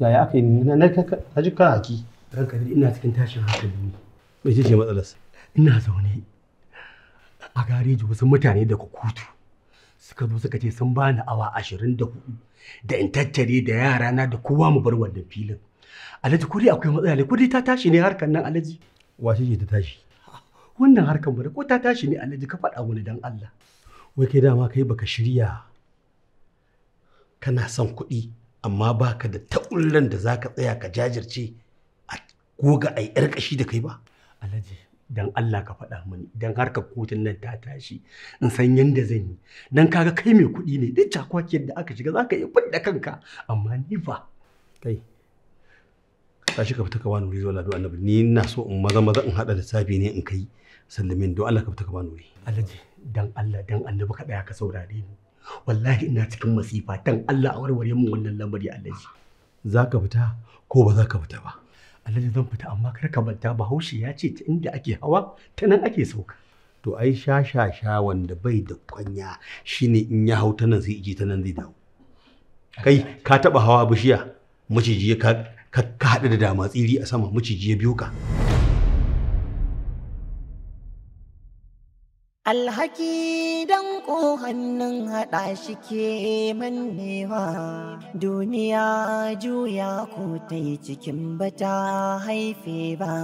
yaya aka yi na ji ka haki ranka ina cikin tashin hankali ne mai ce ce ina zaune a gareji wasu mutane daga kutu suka zo suka ce sun bani awa ashirin da hudu da in tattare da yara na da kowa mu bar wannan filin alhaji ko akwai matsala ne ta tashi ne harkar nan alhaji wace ce ta tashi wannan harkar mu ko ta tashi ne alhaji ka faɗa wani dan Allah wai kai dama kai baka shirya kana son kuɗi amma ba ka da taullan da za ka tsaya ka jajirce a goga a yar kashi da kai ba alhaji dan Allah ka faɗa mani har harka kotun nan ta tashi in san yanda zan yi nan kaga kai mai kuɗi ne duk cakwakiyar da aka shiga za zaka iya da kanka amma ni ba kai tashi ka fita ka bani wuri zuwa ladu annabi ni ina so in maza maza in haɗa lissafi ne in kai sallamin don Allah ka fita ka bani wuri alhaji dan Allah dan annabi ka ɗaya ka saurare mu wallahi ina cikin masifa dan Allah a warware min wannan lamari alaji za ka fita ko ba za ka fita ba alaji zan fita amma kar ka manta bahaushe ya ce ta inda ake hawa ta nan ake sauka to ai sha sha sha wanda bai da kwanya shine in ya hau ta nan sai iji ta nan zai dawo kai ka taba hawa bishiya maciji ka ka haɗu da damatsiri a sama maciji ya biyo ka Alhaki don ko haɗa shi ke mannewa duniya juya ko ta yi cikin bata haife ba.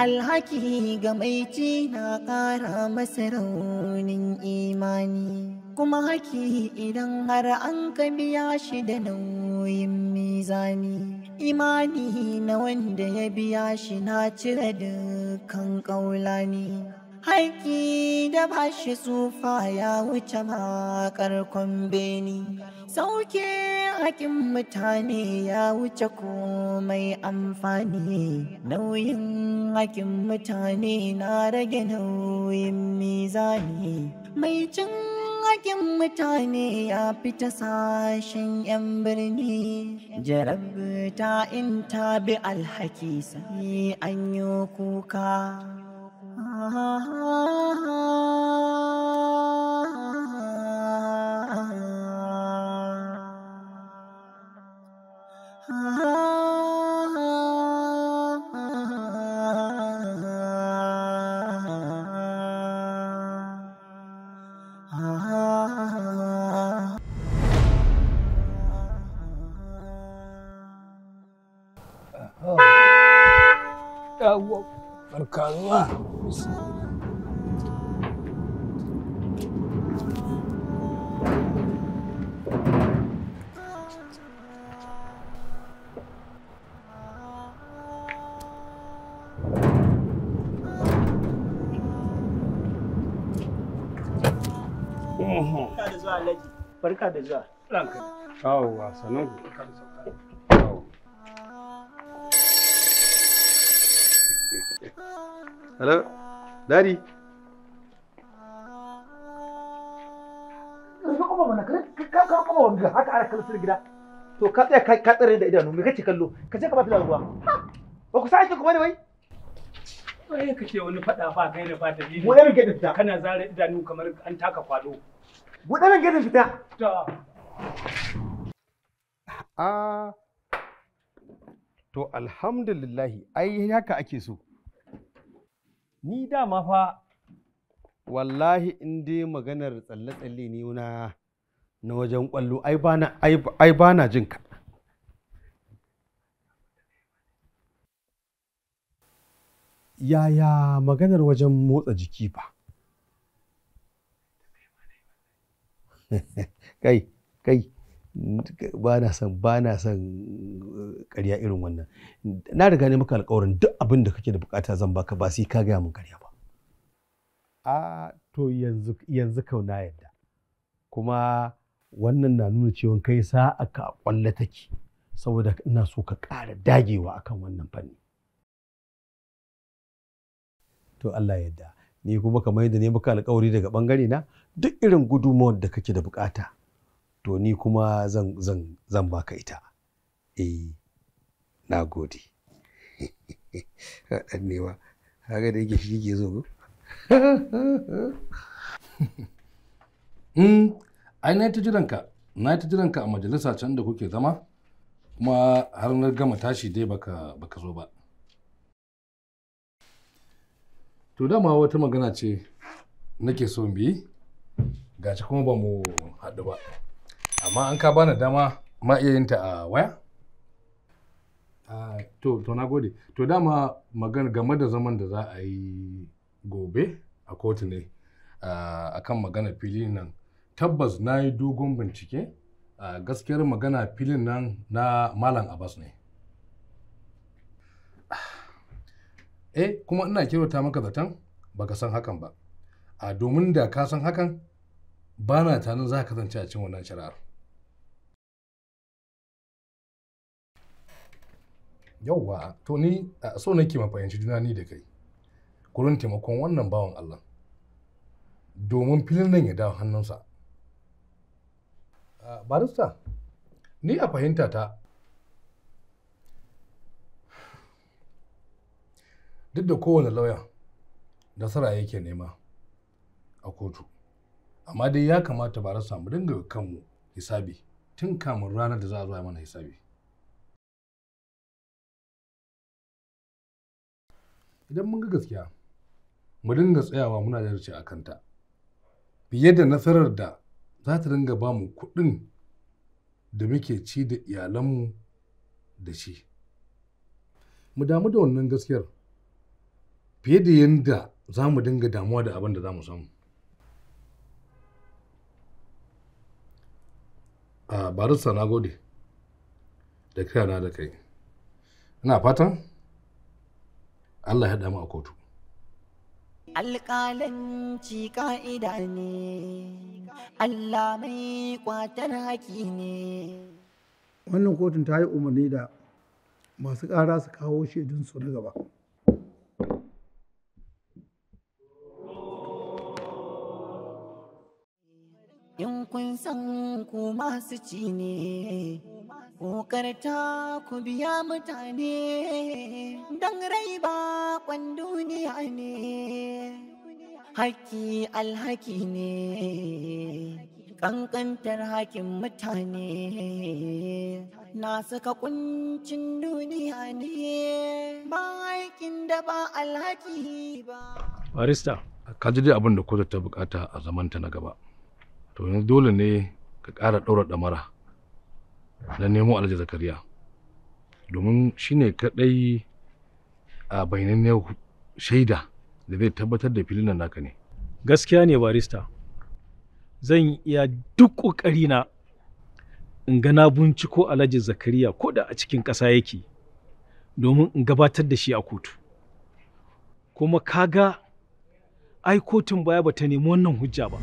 alhaki ga mai na ƙara masa raunin imani. kuma haki idan har an ka biya shi da nauyin mizani imani na wanda ya biya shi na cire dukkan ƙaulani haƙi da ba shi tsufa ya wuce makar beni sauke hakin mutane ya wuce komai amfani nauyin hakin mutane na rage nauyin mizani mai cin haƙin mutane ya fita sashen 'yan birni jarabta in ta bi alhaki sai an yi kuka mercado lá. Barka da zuwa. Barka da zuwa. Ranka. Yawwa, sanin barka da zuwa. Hello? Daddy? Sun kuma mana ka ka kuma wanga haka ana kallon gida. To ka tsaya ka tsare da idanu me kake kallo? Ka ce ka ba filar ruwa. Ba ku sake kuma ne wai? Wai kake wani faɗa ba kai da fata biyu. Wani rike da fita. Kana zare idanu kamar an taka kwado. Buɗe rike da fita. To. Ah. To alhamdulillahi ai haka ake so. ni dama fa wallahi in dai maganar tsalle-tsalle ne na na wajen kwallo ai ba na jin ka yaya maganar wajen motsa jiki ba kai kai ba na son ba eh, irin wannan na riga ne maka alƙawarin duk abin da kake da bukata zan baka ba sai ka gaya min ƙarya ba a to yanzu yanzu kau na yadda kuma wannan na nuna cewa kai sa aka kwalla take saboda ina so ka ƙara dagewa akan wannan fanni to Allah yadda ni kuma kamar yadda ne maka alƙawari daga bangare na duk irin gudunmawar da kake da bukata to ni kuma zan zan zan baka ita eh na gode dan newa haka da yake shi ke zo mm ai na ta na ta jiranka a majalisa can da kuke zama kuma har na gama tashi dai baka baka zo ba to dama wata magana ce nake so mu yi gashi kuma ba mu haɗu ba amma an ka bani dama ma iya yin ta a waya? to to na gode to dama magana game da zaman da za a yi gobe a kotu ne a kan magana fili nan tabbas na yi dogon bincike a gaskiyar magana filin nan na malam abbas ne eh kuma ina kirota maka zaton baka san hakan ba a domin da ka san hakan ba na tanin za ka kasance a cikin wannan shari'ar yauwa to ni so nake ke juna ni da kai gurin taimakon wannan bawan Allah domin filin nan ya dawo hannunsa barista ni a fahimta ta duk da kowane lauya nasara yake nema a kotu amma dai ya kamata barista mu dinga kanmu hisabi tun kamun ranar da za a zo mana hisabi idan mun ga gaskiya mu dinga tsayawa muna da jarce a kanta fiye da nasarar da za ta dinga ba mu kuɗin da muke ci da iyalanmu da shi mu damu da wannan gaskiyar fiye da yadda za mu dinga damuwa da abin da za mu samu a ah, barista na gode da kai na da kai ina fatan Allah ya damu a kotu alƙalanci ka'ida ne Allah mai kwatar haƙi ne wannan kotun ta yi umarni da masu ƙara su kawo shaidun don na gaba in kun san ku masu ci ne Kokarta ku biya mutane don rai ba kwan duniya ne. Haki alhaki ne, ƙanƙantar hakin mutane. Na saka kuncin duniya ne, ba aikin da ba alhaki ba. Barista, ka ji dai abin da kotu ta bukata a zamanta na gaba. To yanzu dole ne ka ƙara ɗaura ɗamara. da nemo alhaji zakariya domin shine ne kaɗai a bayanan shaida da zai tabbatar da filin nan naka ne gaskiya ne barista zan iya duk na in ga na binciko alhaji zakariya ko da a cikin ƙasa yake domin in gabatar da shi a kotu kuma kaga ai kotun baya bata nemi wannan hujja ba.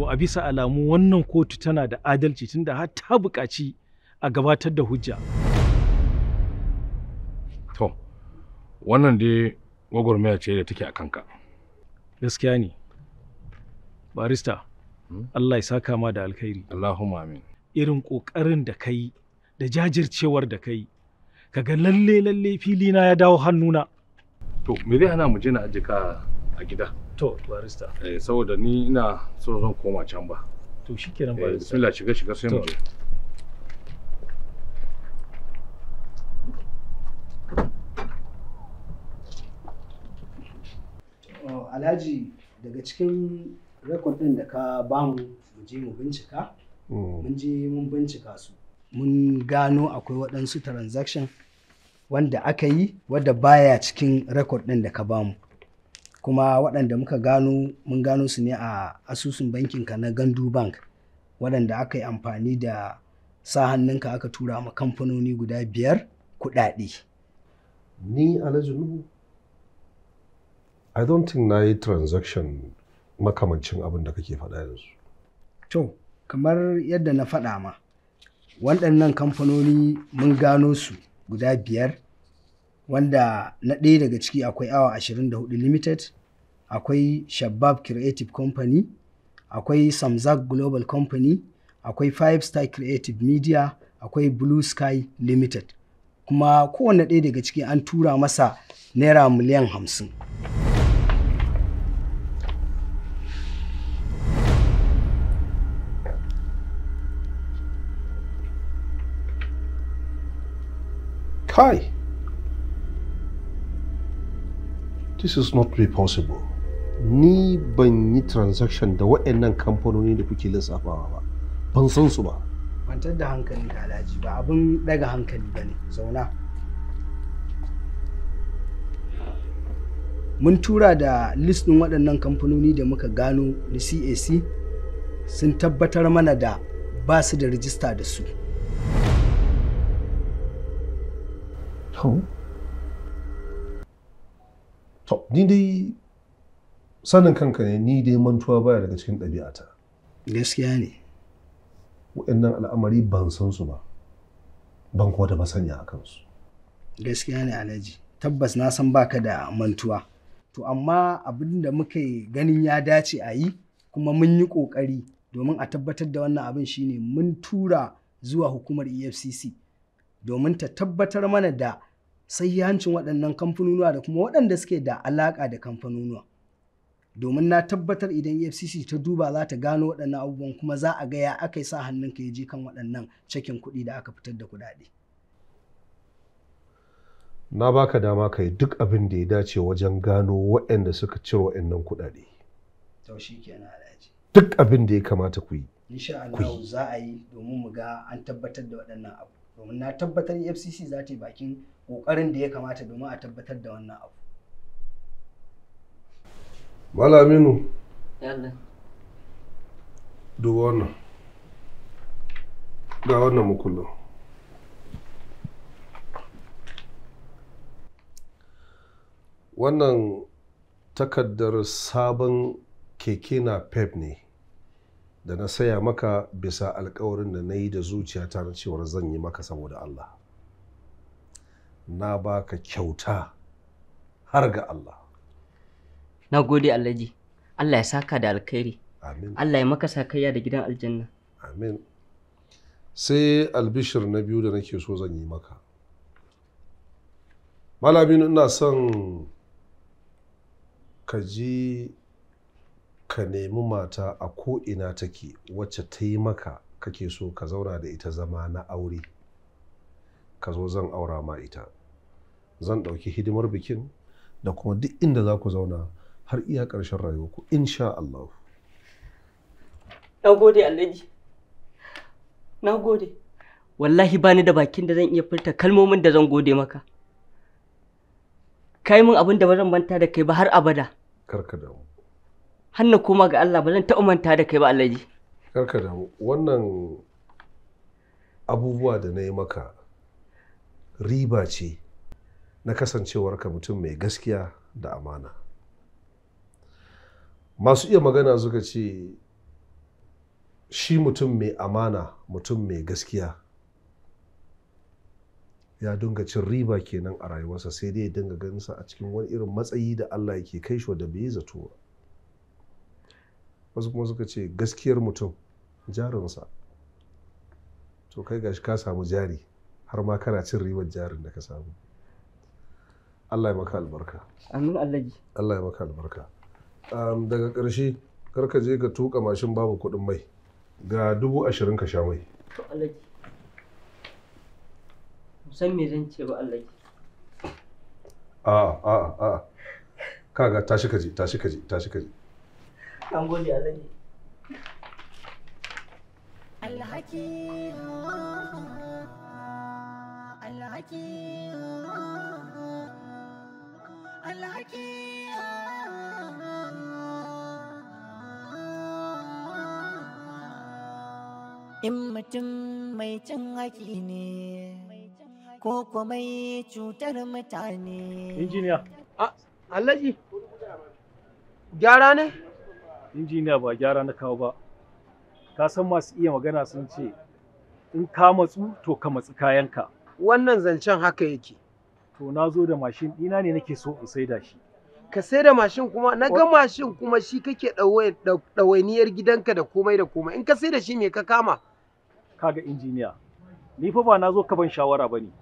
to a bisa alamu wannan kotu tana da adalci tunda har ta buƙaci a gabatar da hujja to wannan dai gwagwarmaya ce da take a kanka gaskiya ne barista hmm? Allah ya saka ma da alkhairi Allahumma amin irin ƙoƙarin da kai da jajircewar da kai kaga lalle lalle fili na ya dawo hannuna to me zai hana mu je na aje ka a gida to barista eh saboda ni ina so zan koma can ba to shikenan eh, barista bismillah shiga shiga sai mu je oh, alhaji daga cikin rekod ɗin da ka bamu mu je mu bincika hmm. mun je mun bincika su mun gano akwai waɗansu transaction wanda aka yi wadda baya cikin rekod ɗin da ka bamu kuma waɗanda muka gano mun gano su ne a asusun bankinka na gandu bank waɗanda aka yi amfani da sa hannunka aka tura ma kamfanoni guda biyar kuɗaɗe ni alhaji nuhu i don't think na yi transaction makamancin abin da kake faɗa yanzu to kamar yadda na faɗa ma waɗannan kamfanoni mun gano su guda biyar wanda na ɗaya daga ciki akwai awa 24 limited akwai shabab creative company akwai samzak global company akwai five star creative media akwai blue sky limited kuma kowane ɗaya daga ciki an tura masa naira miliyan hamsin. This is not be possible. Ni ban yi transaction da waɗannan kamfanoni da kuke lissafawa ba. Ban san su ba. Kwantar da hankali ka alhaji ba abin daga hankali ba ne. Zauna. Mun tura da list ɗin waɗannan kamfanoni da muka gano na CAC sun tabbatar mana da ba su da rijista da su. Oh. to ni dai sanin kanka ne ni dai mantuwa baya daga cikin ɗabi'ata gaskiya ne waɗannan al'amari ban san su ba ban kuwa da masaniya a kansu gaskiya ne alhaji tabbas na san baka da mantuwa to amma abin da muka ganin ya dace a yi kuma mun yi ƙoƙari domin a tabbatar da wannan abin shine mun tura zuwa hukumar efcc domin ta tabbatar mana da sai hancin waɗannan kamfanonuwa da kuma waɗanda suke da alaƙa da kamfanonuwa domin na tabbatar idan efcc ta duba za ta gano waɗannan abubuwan kuma za a gaya aka yi sa hannun ka je kan waɗannan cikin kuɗi da aka fitar da kuɗaɗe. na baka dama ka yi duk abin da ya dace wajen gano waɗanda suka ciro waɗannan kuɗaɗe. duk abin da ya kamata ku yi. insha za a yi domin mu ga an tabbatar da waɗannan abu. domin na tabbatar efcc za ta yi bakin ƙoƙarin da ya kamata domin a tabbatar da wannan abu malaminu duba wannan ga wannan wannan takardar sabon keke na pep ne da na saya maka bisa alkawarin da na yi da zuciya ta na cewar zan yi maka saboda Allah na baka kyauta har ga Allah na gode Allahji Allah ya saka da alkhairi Allah ya maka sakayya da gidan aljanna amin sai albishir na biyu da nake so zan yi maka malamin ina son ka ji ka nemi mata a ko'ina take wacce ta yi maka kake so ka zauna da ita zama na aure ka zo zan aura ma ita zan ɗauki hidimar bikin da kuma duk inda za ku zauna har iya ƙarshen rayuwarku insha Allah. Na gode Alhaji. Na gode. Wallahi ba ni da bakin da zan iya furta kalmomin da zan gode maka. Kai min abin da ba zan manta da kai ba har abada. Karka damu. hanna koma ga Allah ba zan ta manta da kai ba Alhaji karka da wannan abubuwa da na yi maka riba ce na kasancewarka mutum mai gaskiya da amana masu iya magana suka ce shi mutum mai amana mutum mai gaskiya ya dinga cin riba kenan a rayuwarsa sai dai ya dinga ganinsa a cikin wani irin matsayi da Allah yake kai shi da bai zato wasu kuma suka ce gaskiyar mutum jarinsa to kai gashi ka samu jari har ma kana cin ribar jarin da ka samu Allah ya maka albarka amin allaji Allah ya maka albarka daga ƙarshe kar ka je ka tuka mashin babu kuɗin mai ga dubu ashirin ka sha mai to allaji san me zan ce ba allaji a a a kaga tashi ka je tashi ka je tashi ka je an gode Allah alhaki alhaki in mutum mai cin ne ko kuma cutar mutane injiniya gyara ne injiniya ba gyara na kawo ba ka san masu iya magana sun ce in ka matsu to ka matsi kayanka wannan zancen haka yake to na zo da mashin ina ne nake so in saida shi ka sai mashin kuma na ga mashin kuma shi kake ɗawainiyar gidanka da komai da komai in ka sai da shi me ka kama kaga injiniya ni fa ba na zo ka ban shawara ba ne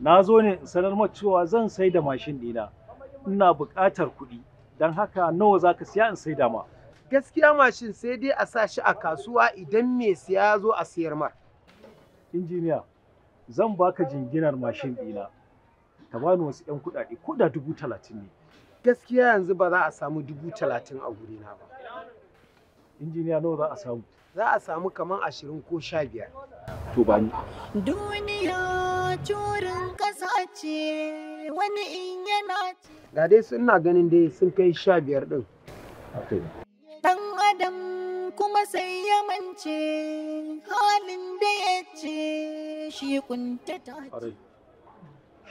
na zo ne sanar cewa zan sai da mashin ɗina ina buƙatar kuɗi don haka nawa zaka siya in sai dama gaskiya mashin sai dai a sa shi a kasuwa idan mai siya zo a siyar ma injiniya zan baka jinginar mashin dina ta bani wasu 'yan kuɗaɗe ko da dubu talatin ne gaskiya yanzu ba za a samu dubu talatin a na ba injiniya nawa za a samu za a samu kamar ashirin ko sha biyar to ba ni duniya curin ƙasa ce wani in yana ce ga dai suna ganin dai sun kai sha biyar ɗin dan adam kuma sai ya mance halin da ya ce shi kunta ta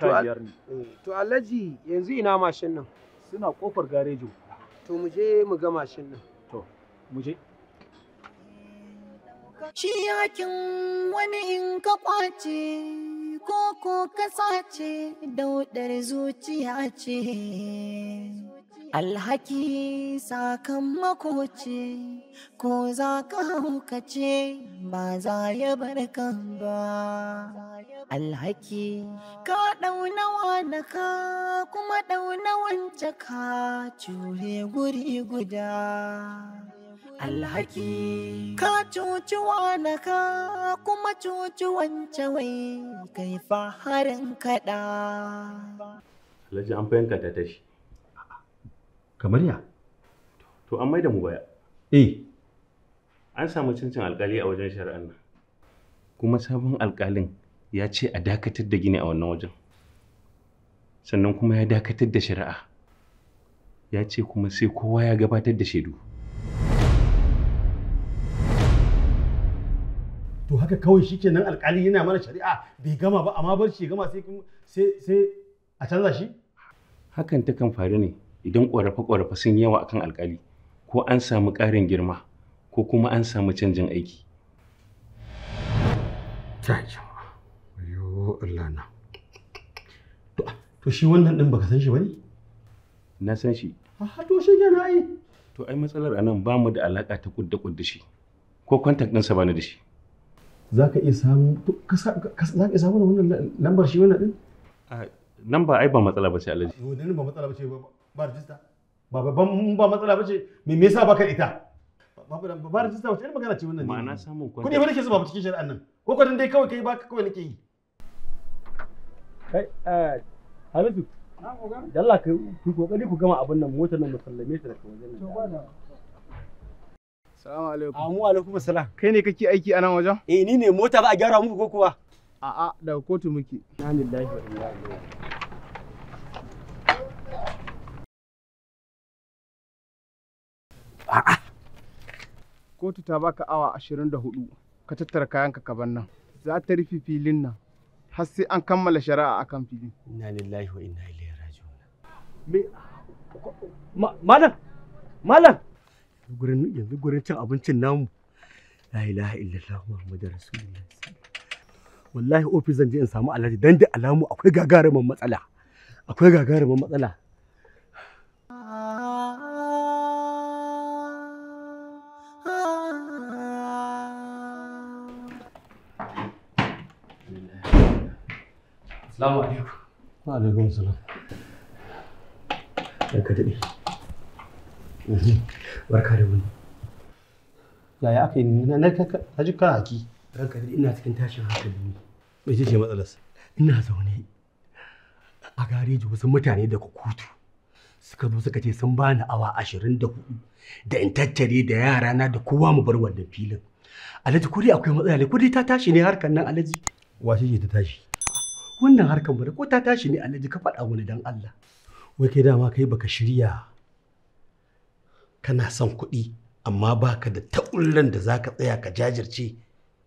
eh, to alhaji yanzu ina mashin nan suna kofar garejin to mu je mu ga mashin nan to mu je shi yakin wani in ka kwace ko ko ka sace daudar zuciya ce alhaki sakamako ce ko za ka haukace ba za ya bar kan ba alhaki ka ɗauna wani ka kuma ɗauna wance ka cure guri guda alhaki ka cuci wani ka kuma cuci wance wai kai faharin kaɗa alhaji an fahimta ta tashi kamar ya to an maida mu baya eh an samu cincin alkali a wajen shari'an nan kuma sabon alkalin ya ce a dakatar da gini a wannan wajen sannan kuma ya dakatar da shari'a ya ce kuma sai kowa ya gabatar da shaidu to haka kawai shikenan alkali yana mana shari'a bai gama ba amma bar shi gama sai sai a canza shi hakan ta kan faru ne idan ƙorafe ƙorafe sun yawa akan alkali ko an samu ƙarin girma ko kuma an samu canjin aiki to shi wannan din baka san shi bane na san shi a to shi kenan ai to ai matsalar anan ba mu da alaka ta kudda kudda shi ko kwantak ɗinsa ba ni da shi za ka iya samu za ka iya samu wannan lambar shi wannan din nan ba ai ba matsala bace alhaji nan ba matsala ba ce ba rajista ba babban ba matsala bace me me yasa baka ita ba rajista wace magana ce wannan ne ma'ana samun kudi ba nake zuba cikin shari'an nan ko kudin dai kawai kai baka kawai nake yi kai eh Hamidu Dalla kai ku kokari ku gama abin nan motar nan musallame ta daga wajen nan Assalamu alaikum. Amu alaikum salam. Kai ne kake aiki a nan wajen? Eh ni ne mota ba a gyara muku ko kuwa? A'a daga kotu muke. Alhamdulillah wa A'a. Kotu ta baka awa ashirin da hudu ka tattara kayanka ka bar nan. Za ta rufe filin nan har sai an kammala shari'a akan fili. Inna lillahi wa inna ilaihi raji'un. Me Malam Malam yanzu gurin cin abincin namu la ilaha illallah muhammadur rasulullah wallahi ofis zan je in samu alhaji dan da alamu akwai gagarumin matsala akwai gagarumin matsala Assalamu alaikum. Wa alaikum salam. Ka daɗe. Barka da wani. Yaya aka yi na ka ji ka haki. Ranka da ina cikin tashin hankali ne. Me ce ce matsalas Ina zaune a gareji wasu mutane daga kutu suka zo suka ce sun bani awa ashirin da hudu da in tattare da yarana da kowa mu bar wannan filin. Alhaji kuri akwai matsala ne ta tashi ne harkar nan Alhaji. Wace ce ta tashi? Wannan harkar mu ko ta tashi ne Alhaji ka faɗa wani dan Allah. Wai kai dama kai baka shirya kana son kuɗi amma baka da taullan da zaka tsaya ka jajirce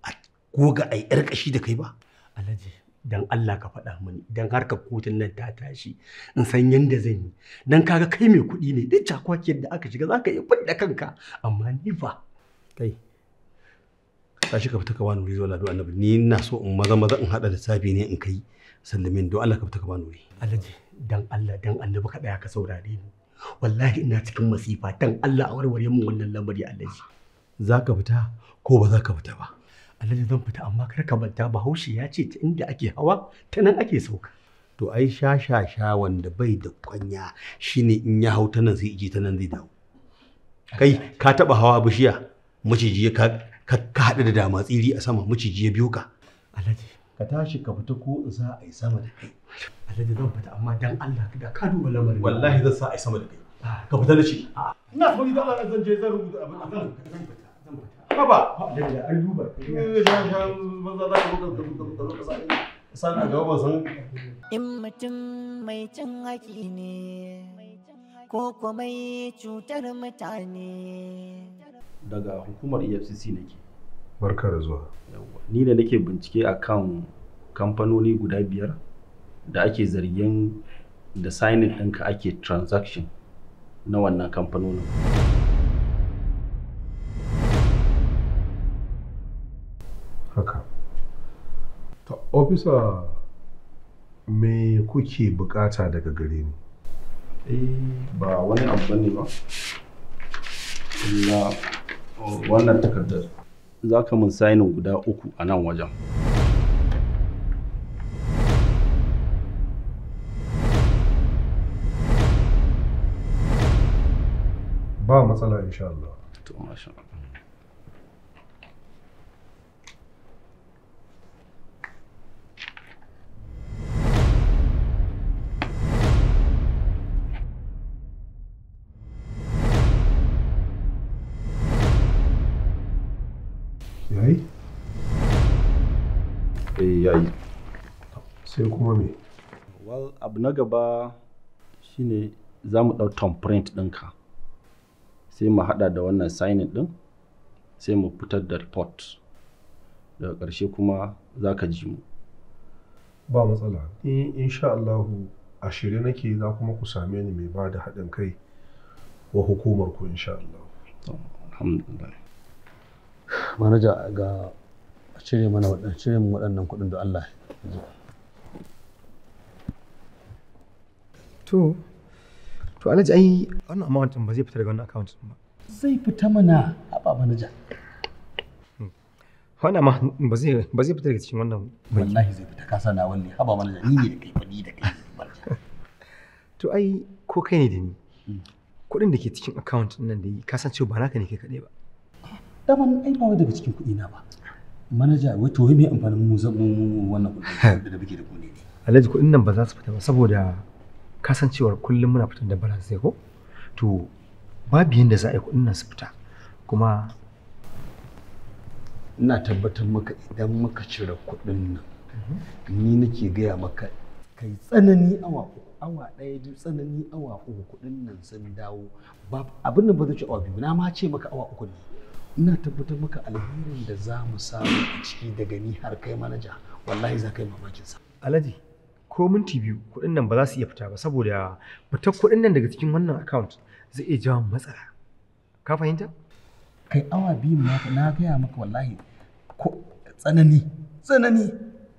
a goga a yi kashi da kai ba alhaji dan Allah ka faɗa mani don har ka kotun nan ta tashi in san yanda zan yi dan kaga kai mai kuɗi ne duk cakwakiyar da aka shiga zaka iya da kanka amma ni ba kai tashi ka fita ka bani wuri zuwa annabi ni ina so in maza maza in hada lissafi ne in kai sallamin don Allah ka fita ka bani wuri alhaji dan Allah dan annabi ka ɗaya ka saurare ni. wallahi ina cikin masifa dan Allah a warware min wannan lamari alhaji za ka fita ko ba za ka fita ba alhaji zan fita amma kar ka manta bahaushe ya ce ta inda ake hawa ta nan ake sauka to ai sha sha sha wanda bai da kwanya shine in ya hau ta nan sai iji ta nan zai dawo kai ka taba hawa bishiya maciji ka ka haɗu da damatsiri tsiri a sama maciji ya biyo ka alhaji ka tashi ka fita ko za a yi sama da kai alhaji zan fita amma dan Allah da ka duba lamarin wallahi zan sa a yi sama da kai ah. ka fita da shi ah. ina so sauri da Allah zan je zan rubuta abin zan zan fita zan fita ka ba ah, da an duba eh, banza za ka rubuta ka sa san a gaba san in mutum mai cin haki ne ko kuma cutar mutane daga hukumar EFCC nake barka da zuwa ni da nake bincike akan kamfanoni guda biyar da ake zargin da signing ɗinka ake transaction na wannan kamfanonin haka ta ofisa me kuke bukata daga gare ni eh ba wani abu ne ba illa oh, wannan takardar za ka mun sainin guda uku a nan wajen ba matsala insha Allah to masha Allah eh yayi sai kuma me well abu na gaba shine za mu ɗau print ɗinka sai mu haɗa da wannan signing ɗin sai mu fitar da report daga ƙarshe kuma za ka ji mu ba matsala in sha Allahu a shirye nake za kuma ku same ni mai ba da haɗin kai wa hukumar ku insha Alhamdulillah. Manaja ga cire mana waɗannan kuɗin da Allah to to alhaji ai wannan amount ba zai fita daga wannan account ba zai fita mana haba manaja hmm. wannan ma ba zai ba zai fita daga cikin wannan wallahi zai fita kasa na wanne haba manaja ni ne da kai ni da kai to ai ko kai ne da ni hmm. kuɗin da ke cikin account nan da yi ka san cewa ba naka ne kai kaɗai ba daman ai ba wai daga cikin kuɗi na ba manaja wai to me amfanin mu zabu wannan kuɗi da muke da kuɗi ne alhaji kuɗin nan ba za su fita ba saboda kasancewar kullum muna fitar da balance ko to babu yanda za a yi kuɗin nan su fita kuma ina tabbatar maka idan muka cire kuɗin nan ni nake gaya maka kai tsanani awa uku awa ɗaya duk tsanani awa uku kuɗin nan sun dawo abin da ba zai ci awa biyu na ma ce maka awa uku ne ina tabbatar maka alherin da za mu samu a ciki daga ni har kai manaja wallahi za ka yi mamakin sa alhaji ko minti biyu kuɗin nan ba za su iya fita ba saboda fitar kuɗin nan daga cikin wannan account zai iya jawo matsala ka fahimta kai awa biyu na gaya maka wallahi ko tsanani tsanani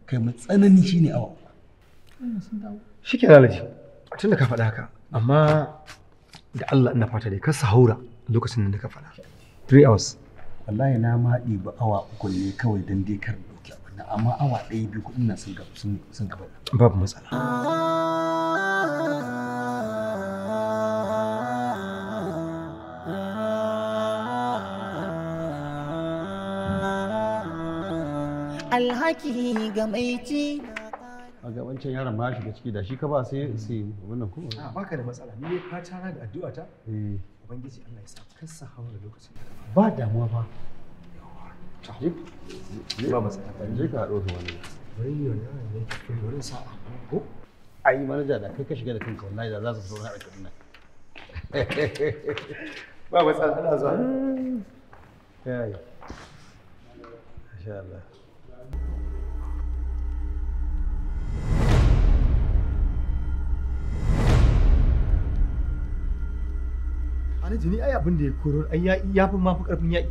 kai mu tsanani shine awa shikenan ke tunda ka faɗa haka amma da Allah ina fata dai ka haura lokacin da ka faɗa 3 hours wallahi na ma ɗibi awa uku ne kawai don dai kar ɗauki abin nan amma awa ɗaya biyu kuɗin nan sun gaba sun gaba babu matsala alhaki ga mai ci a gabancin yaron ma shiga ciki da shi ka ba sai sai wannan ko ba ka da matsala ni ka tara da addu'a ta eh ubangiji Allah ya sa kasa haura lokacin da ba damuwa ba ba matsala ka haɗo da wani bari ne ne ke sa ko ai manaja da kai ka shiga da kanka wallahi da za su zo ba ana zuwa yayi insha Allah alhaji ni ai abin da ya koro ai ya ya fi mafi karfin yaƙi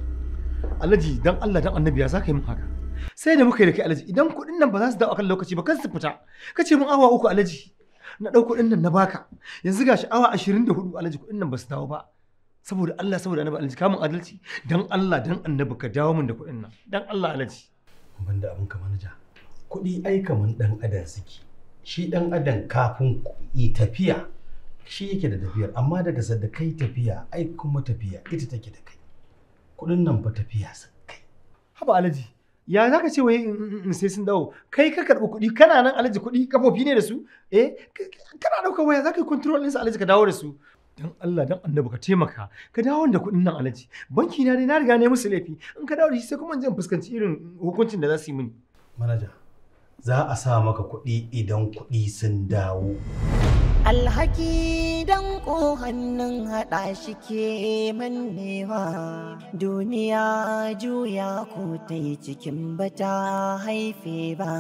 alhaji dan Allah dan annabi ya za ka yi min haka sai da muka yi da kai alhaji idan kuɗin nan ba za su dawo akan lokaci ba kan su fita ka ce min awa uku alhaji na ɗau kuɗin nan na baka yanzu gashi awa ashirin da hudu alhaji kuɗin nan ba su dawo ba saboda Allah saboda annabi alhaji kamun adalci dan Allah dan annabi ka dawo min da kuɗin nan dan Allah alhaji ban da abin ka manaja kuɗi ai kaman dan adam suke shi dan adam kafin tafiya shi yake da tafiyar amma daga sadda kai tafiya ai kuma tafiya ita take da kai kudin nan fa tafiya sa kai haba alaji ya zaka ce wai in sai sun dawo kai ka karbi kuɗi kana nan alaji kuɗi kafofi ne da su eh kana ɗaukar waya zaka yi control sa alaji ka dawo da su dan Allah dan annabi ka taimaka ka dawo da kuɗin nan alaji banki na dai na riga ne musu laifi in ka dawo da shi sai kuma in fuskanci irin hukuncin da za su yi mini manaja za a sa maka kuɗi idan kuɗi sun dawo. alhaki don ko hannun haɗa shi ke mannewa duniya juya ko ta yi cikin bata haife ba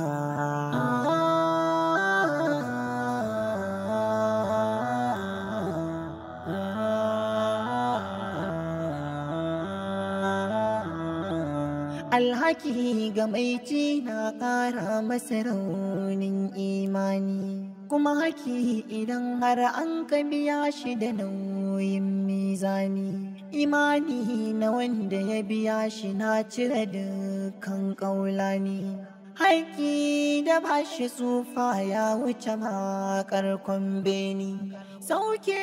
alhaki ga mai na ƙara masa raunin imani kuma haki idan har an ka biya shi da nauyin mizani imani na wanda ya biya shi na cire dukkan ƙaulani Haki da ba shi tsufa ya wuce makarkon beni sauke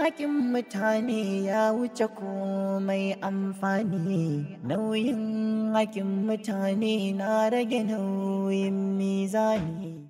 hakin mutane ya wuce komai amfani nauyin hakin mutane na rage nauyin mizani